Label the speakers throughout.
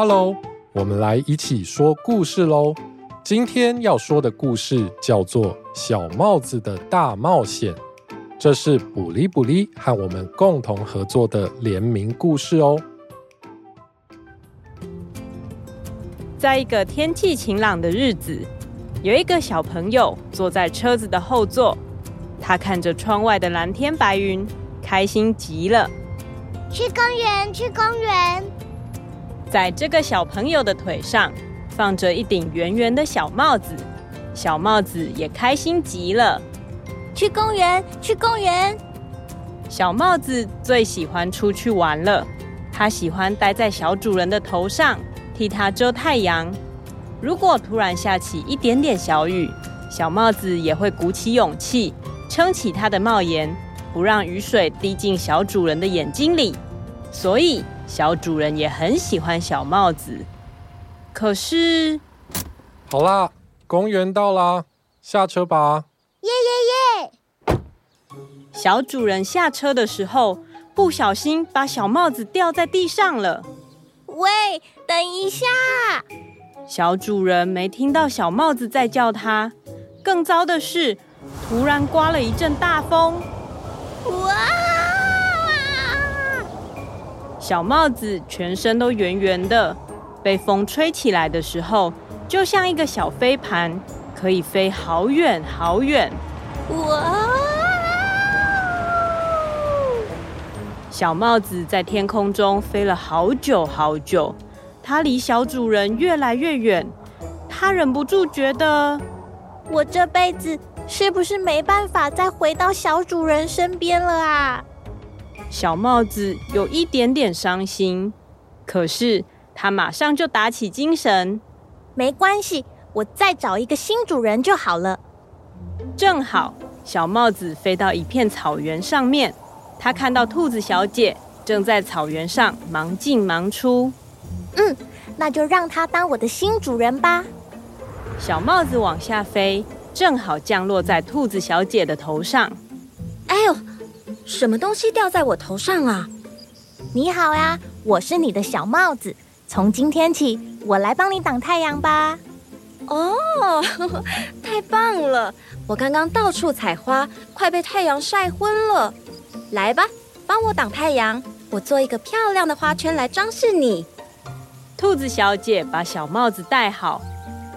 Speaker 1: Hello，我們來一起說故事嘍。今天要說的故事叫做《小帽子的大冒險》，這是咘哩咘哩和我們共同合作的聯名故事哦。
Speaker 2: 在一個天氣晴朗的日子，有一個小朋友坐在車子的後座，他看着窗外的藍天白雲，開心極了。
Speaker 3: 去公園，去公園。
Speaker 2: 在這個小朋友的腿上，放着一頂圓圓的小帽子，小帽子也開心極了。去公園，去公園！小帽子最喜歡出去玩了，它喜歡待在小主人的頭上，替他遮太陽。如果突然下起一點點小雨，小帽子也會鼓起勇氣，撐起它的帽檐，不讓雨水滴進小主人的眼睛裡。所以，小主人也很喜歡小帽子，可
Speaker 1: 是，好啦，公園到啦，下車吧！
Speaker 2: 耶耶耶！小主人下車的時候，不小心把小帽子掉在地上了。
Speaker 3: 喂，等一下！
Speaker 2: 小主人沒聽到小帽子在叫他。更糟的是，突然刮了一陣大風。哇！小帽子全身都圓圓的，被風吹起來的時候，就像一個小飛盤，可以飛好遠好遠。哇哦！小帽子在天空中飛了好久好久，它離小主人越來越遠，它忍不住覺得：我這輩子是不是沒辦法再回到小主人身邊了啊？小帽子有一點點傷心，可是他馬上就打起精神。沒關係，我再找一個新主人就好了。正好，小帽子飛到一片草原上面，他看到兔子小姐正在草原上忙進忙出。嗯，那就讓它當我的新主人吧。小帽子往下飛，正好降落在兔子小姐的頭上。什麼東西掉在我頭上啊？
Speaker 3: 你好呀，我是你的小帽子。從今天起，我來幫你擋太陽吧。哦，太棒了！我剛剛到處採花，快被太陽曬昏了。來吧，幫我擋太陽，
Speaker 2: 我做一個漂亮的花圈來裝飾你。兔子小姐把小帽子戴好，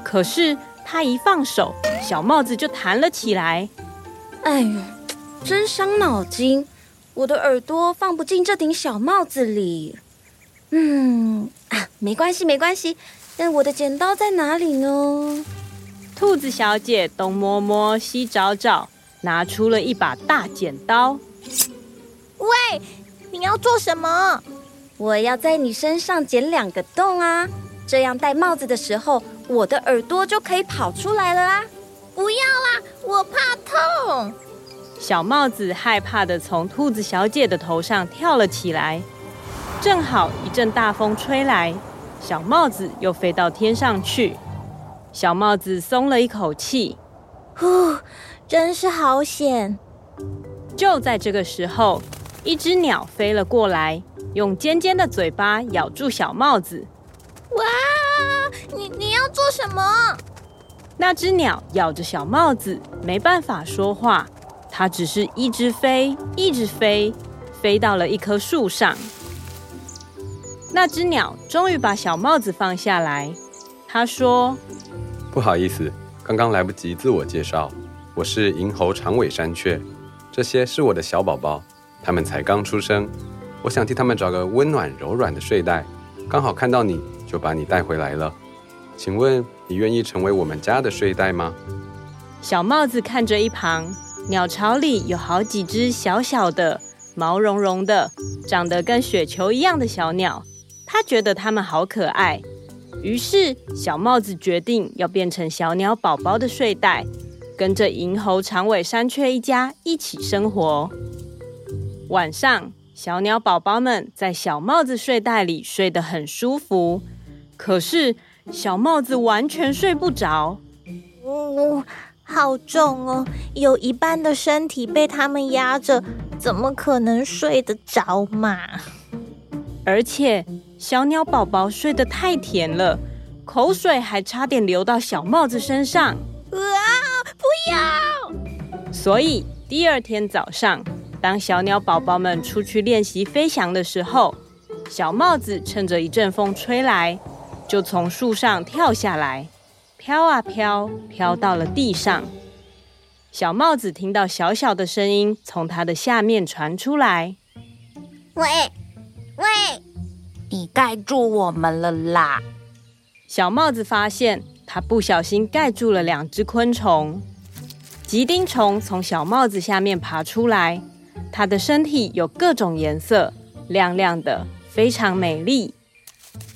Speaker 2: 可是她一放手，小帽子就彈了起來。哎呦！真傷腦筋，我的耳朵放不進這頂
Speaker 3: 小帽子裡。嗯，沒關係，沒關係。但我的剪
Speaker 2: 刀在哪裡呢？兔子小姐東摸摸，西找找，拿出了一把大剪刀。
Speaker 3: 喂，你要做什麼？我要在你身上剪兩個洞啊，這樣戴帽子的時候，我的耳朵就可以跑出來了啦。不要啦，我怕
Speaker 2: 痛。小帽子害怕地從兔子小姐的頭上跳了起來，正好一陣大風吹來，小帽子又飛到天上去。小帽子鬆了一口氣，呼，真是好險！就在這個時候，一只鳥飛了過來，用尖尖的嘴巴咬住小帽子。
Speaker 3: 哇，你你要做什麼？
Speaker 2: 那只鳥咬着小帽子，沒辦法說話。它只是一直飛，一直飛，飛到了一棵樹上。那只鳥終於把小帽子放下來，他說：“
Speaker 1: 不好意思，剛剛來不及自我介紹，我是銀喉長尾山雀，這些是我的小寶寶，他們才剛出生，我想替他們找個溫暖柔軟的睡袋，剛好看到你就把你帶回來了，請問你願意成為我們家的睡袋嗎？”
Speaker 2: 小帽子看着一旁。鳥巢裡有好幾隻小小的、毛茸茸的、長得跟雪球一樣的小鳥，他覺得它們好可愛。於是小帽子決定要變成小鳥寶寶的睡袋，跟着銀喉長尾山雀一家一起生活。晚上，小鳥寶寶們在小帽子睡袋裡睡得很舒服，可是小帽子完全睡不着。
Speaker 3: 嗯嗯。好重哦！有一半的身體被他們壓着，怎麼可能睡得着嘛？
Speaker 2: 而且小鳥寶寶睡得太甜了，口水還差點流到小帽子身上。
Speaker 3: 哇！不要！
Speaker 2: 所以第二天早上，當小鳥寶寶們出去練習飛翔的時候，小帽子趁着一陣風吹來，就從樹上跳下來。飄啊飄，飄到了地上。小帽子聽到小小的聲音從它的下面傳出來：“喂，喂，你蓋住我們了啦！”小帽子發現它不小心蓋住了兩隻昆蟲。吉丁蟲從小帽子下面爬出來，它的身體有各種顏色，亮亮的，非常美麗。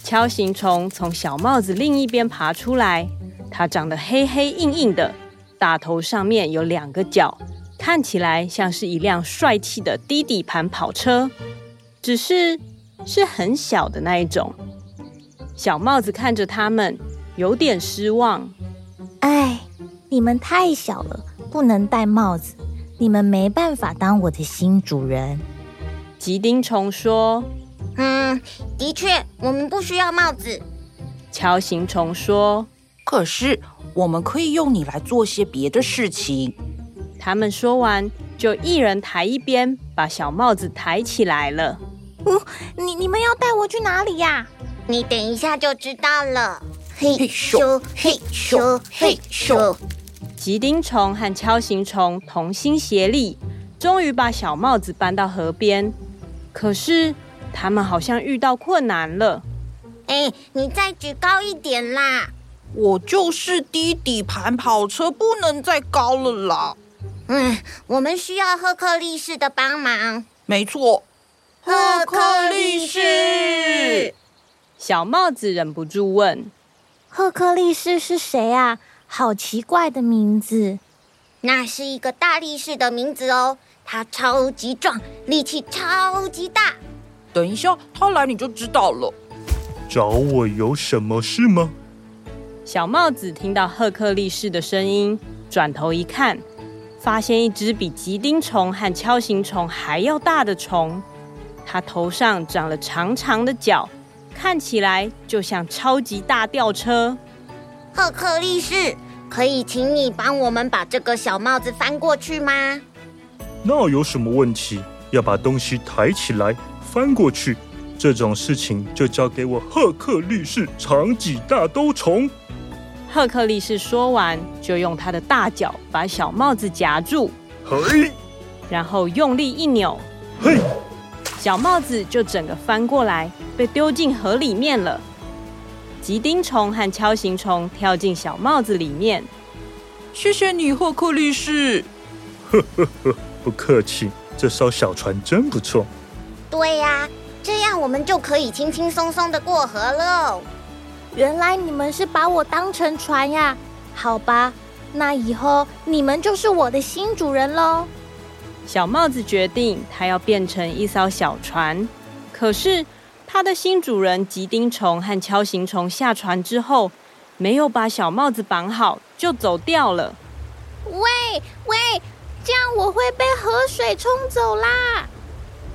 Speaker 2: 鍬形蟲從小帽子另一邊爬出來。它長得黑黑硬硬的，大頭上面有兩個角，看起來像是一輛帥氣的低底盤跑車，只是是很小的那一種。小帽子看着他們，有點失望。哎，你們太小了，
Speaker 3: 不能戴帽子，你們沒辦法當我的新主人。
Speaker 2: 吉丁蟲說：“嗯，的確，我們不需要帽子。”鍬形蟲說。可是，我們可以用你來做些別的事情。他們說完，就一人抬一邊，把小帽子抬起來了。
Speaker 3: 哦，你你們要帶我去哪裡呀，啊？你等一下就知道了。
Speaker 2: 嘿咻嘿咻嘿咻，嘿咻嘿咻嘿咻。吉丁蟲和敲行蟲同心協力，終於把小帽子搬到河邊。可是，他們好像遇到困難了。哎，你再舉高一點啦！我就是低底盤跑車，不能再高了啦。嗯，
Speaker 3: 我
Speaker 2: 們需要赫克力士的幫忙。沒錯，赫克力士。小帽子忍不住問：“赫
Speaker 3: 克力士是誰啊？好奇怪的名字。”那是一個大力士的名字哦，他超級壯，力氣超級大。
Speaker 2: 等一下，他來你就知道了。找我有什麼事嗎？小帽子聽到赫克力士的聲音，轉頭一看，發現一隻比吉丁蟲和鍬形蟲還要大的蟲。它頭上長了長長的角，看起來就像超級大吊車。赫克力士，可以請你幫我們把這個小帽子翻過去嗎？那有什麼問題？要把東西抬起來翻過去，這種事情就交給我赫克力士長戟大兜蟲。赫克力士說完，就用他的大腳把小帽子夾住，嘿，然後用力一扭，嘿，小帽子就整個翻過來，被丟進河裡面了。吉丁蟲和敲形蟲跳進小帽子裡面，謝
Speaker 3: 謝你，赫克力士。呵呵呵，不客氣。這艘小船真不錯。
Speaker 2: 對呀，
Speaker 3: 啊，這樣我們就可以輕輕鬆鬆地過河嘍。原來你們是把我當成船呀？好吧，那以後你們就是我的新主
Speaker 2: 人嘍。小帽子決定，它要變成一艘小船。可是，它的新主人吉丁蟲和鍬形蟲下船之後，沒有把小帽子綁好，就走掉了。
Speaker 3: 喂喂，
Speaker 2: 這樣我會被河水沖走啦！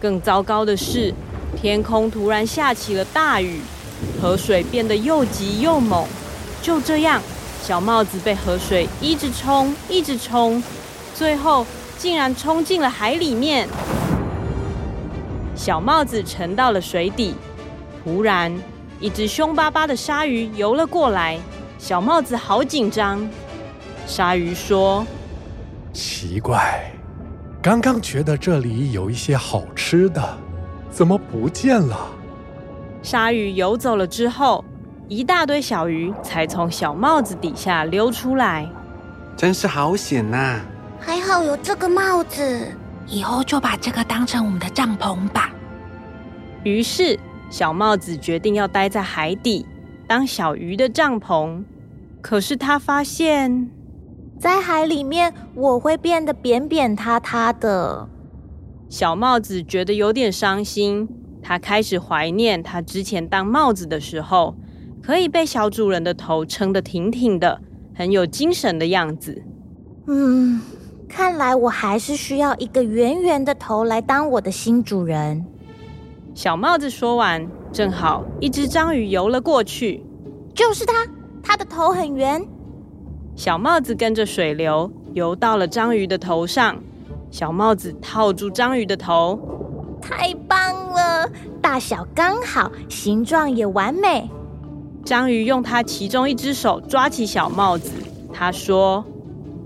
Speaker 2: 更糟糕的是，天空突然下起了大雨。河水變得又急又猛，就這樣，小帽子被河水一直衝，一直衝，最後竟然衝進了海裡面。小帽子沉到了水底。突然，一隻凶巴巴的鯊魚游了過來，小帽子好緊張。鯊魚說：“奇
Speaker 1: 怪，剛剛覺得這裡有一些好吃的，怎麼不見了？”
Speaker 2: 鯊魚游走了之後，一大堆小魚才從小帽子底下溜出來，
Speaker 1: 真是好險啊！
Speaker 2: 還好有這個帽子，
Speaker 3: 以後就把這個當成我們的帳篷吧。
Speaker 2: 於是，小帽子決定要待在海底當小魚的帳篷。可是，他發現，在海裡面我會變得扁扁塌塌的。小帽子覺得有點傷心。他開始懷念他之前當帽子的時候，可以被小主人的頭撐得挺挺的，很有精神的樣子。
Speaker 3: 嗯，看來我還是需要一個圓圓的頭來當我的新主人。
Speaker 2: 小帽子說完，正好一隻章魚游了過去，就是它，它的頭很圓。小帽子跟着水流游到了章魚的頭上，小帽子套住章魚的頭，太棒了！大小剛好，形狀也完美。章魚用它其中一只手抓起小帽子，他說：“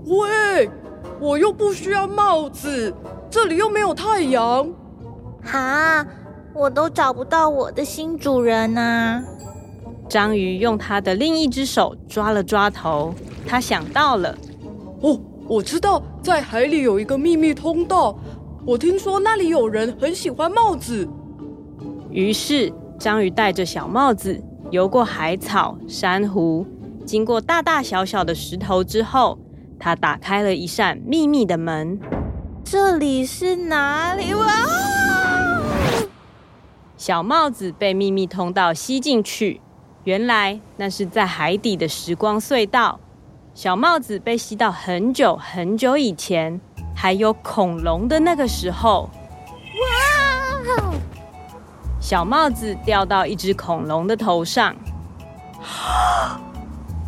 Speaker 3: 喂，我又不需要帽子，這裡又沒有太陽。”哈，我都
Speaker 2: 找不到我的新主人呢、啊。章魚用它的另一只手抓了抓頭，他想到了：“哦，我知道，在海裡有一個秘密通道。我聽說那裡有人很喜歡帽子。”於是，章魚帶着小帽子游過海草、珊瑚，經過大大小小的石頭之後，它打開了一扇秘密的門。這裡是哪裡？哇！小帽子被秘密通道吸進去，原來那是在海底的時光隧道。小帽子被吸到很久很久以前，還有恐龍的那個時候。
Speaker 3: 哇！
Speaker 2: 小帽子掉到一隻恐龍的頭上，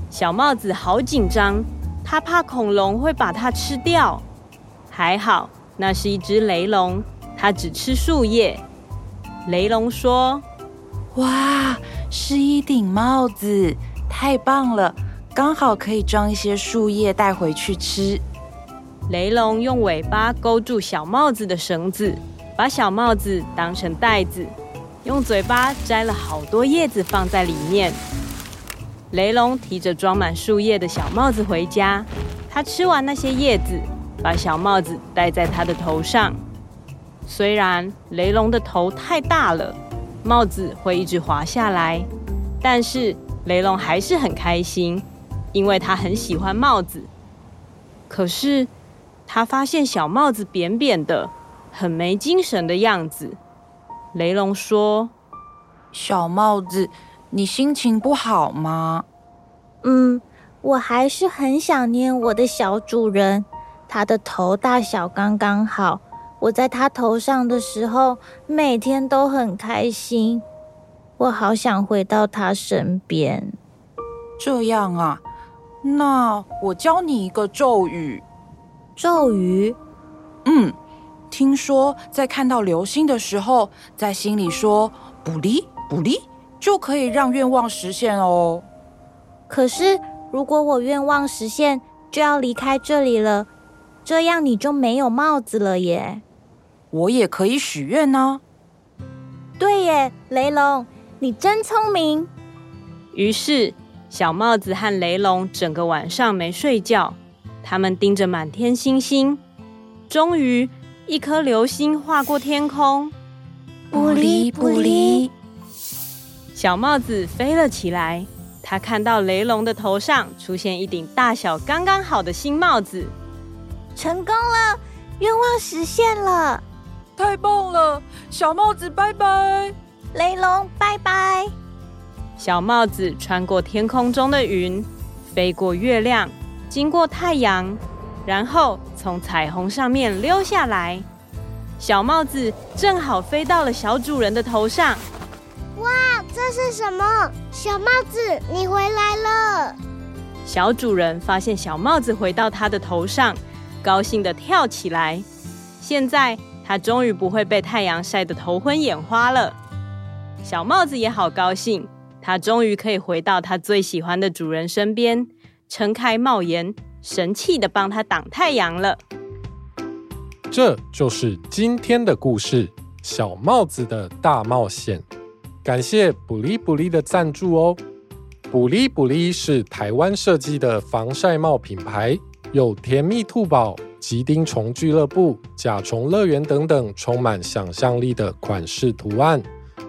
Speaker 2: 小帽子好緊張，它怕恐龍會把它吃掉。還好，那是一隻雷龍，它只吃樹葉。雷龍說：“哇，
Speaker 3: 是一頂帽子，太棒
Speaker 2: 了，剛好可以裝一些樹葉帶回去吃。”雷龍用尾巴勾住小帽子的繩子，把小帽子當成袋子。用嘴巴摘了好多葉子放在裡面。雷龍提着裝滿樹葉的小帽子回家，他吃完那些葉子，把小帽子戴在他的頭上。雖然雷龍的頭太大了，帽子會一直滑下來，但是雷龍還是很開心，因為他很喜歡帽子。可是他發現小帽子扁扁的，很沒精神的樣子。雷龍說：“小帽子，你心情不好嗎？”“
Speaker 3: 嗯，我還是很想念我的小主人，他的頭大小剛剛好。我在他頭上的時候，每天都很開心。我好想回到他身邊。”“這樣啊，那我教你一個咒語。”“咒語？”“嗯。”聽說在看到流星的時候，在心裡說“咘哩咘哩”，就可以讓願望實現哦。可是，如果我願望實現，就要離開這裡了，這樣你就沒有帽子了耶。我也可以許願呢。啊？對耶，雷龍，
Speaker 2: 你真聰明。於是，小帽子和雷龍整個晚上沒睡覺，他們盯着滿天星星，終於。一顆流星劃過天空，咘哩咘哩。小帽子飛了起來，他看到雷龍的頭上出現一頂大小剛剛好的新帽子，成功了，願望實現了，太棒了！小帽子拜拜，雷龍拜拜。小帽子穿過天空中的雲，飛過月亮，經過太陽，然後。從彩虹上面溜下來，小帽子正好飛到了小主人的頭上。
Speaker 3: 哇，這是什麼？小帽子，你回來了！
Speaker 2: 小主人發現小帽子回到他的頭上，高興地跳起來。現在他終於不會被太陽曬得頭昏眼花了。小帽子也好高興，他終於可以回到他最喜歡的主人身邊，撐開帽檐。神奇地幫他擋太陽了。
Speaker 1: 這就是今天的故事：小帽子的大冒險。感謝咘哩咘哩的贊助哦。咘哩咘哩是台灣設計的防曬帽品牌，有甜蜜兔寶、吉丁蟲俱樂部、甲蟲樂園等等，充滿想象力的款式圖案，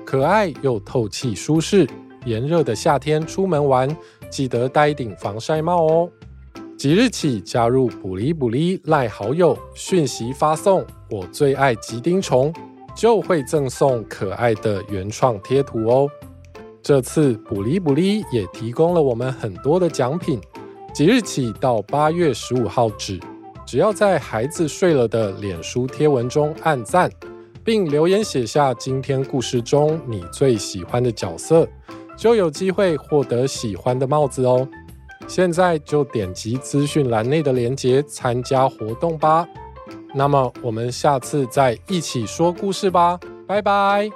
Speaker 1: 可愛又透氣舒適。炎熱的夏天出門玩，記得戴一頂防曬帽哦。即日起加入咘哩咘哩賴好友訊息發送，我最愛吉丁蟲，就會贈送可愛的原創貼圖哦。這次咘哩咘哩也提供了我們很多的獎品。即日起到八月十五號止，只要在孩子睡了的臉書貼文中按讚，並留言寫下今天故事中你最喜歡的角色，就有機會獲得喜歡的帽子哦。現在就點擊資訊欄內的鏈接參加活動吧。那麼我們下次再一起說故事吧，拜拜。